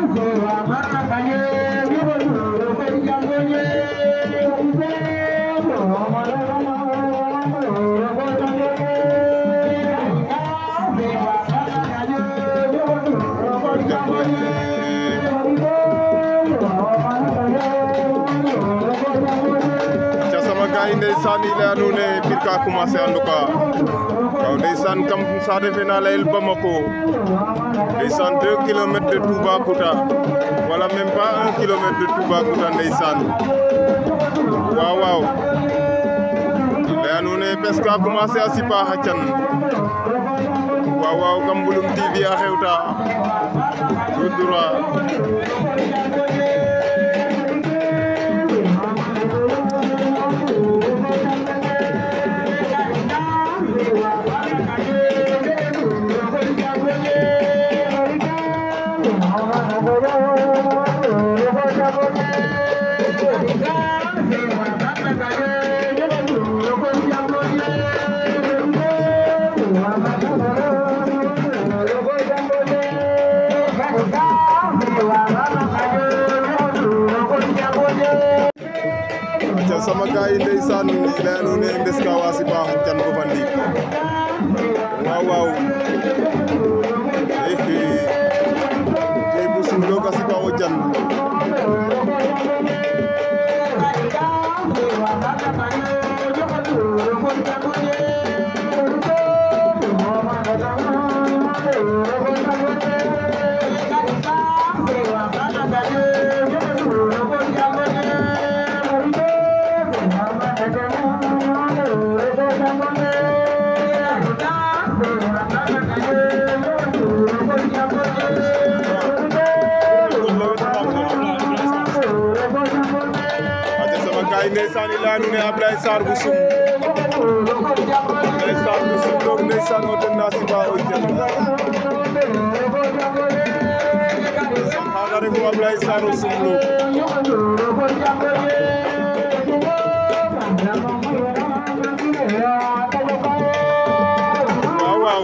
ca sama il est à ne biir ka commencé en tout cas waaw ndeysaan kam saa naa layel Bamako ndeysaan deux kilomètres de Toubacouta wala même pas un kilomètre de Toubacouta ndeysaan waaw waaw leyano ne presque a commencé a sipa xa can waaw kam Mbouloum TV a xewta sama gaay yi ndeysaan leelu ne ndeska wasiba jan ko fandi ndeysaan ilaa nu ne Ablaye Sarr bu sum ndeysaan bu sum doog ndeysaan o den naa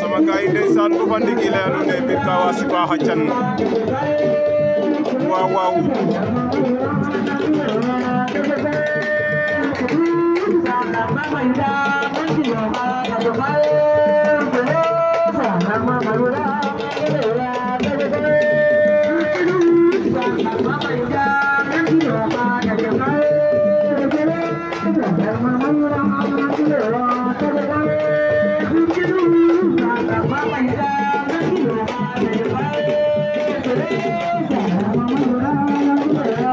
sama gaay yi ndeysaan bu fa ndigi leelu ne mbir ka waa waaw waaw Thank you.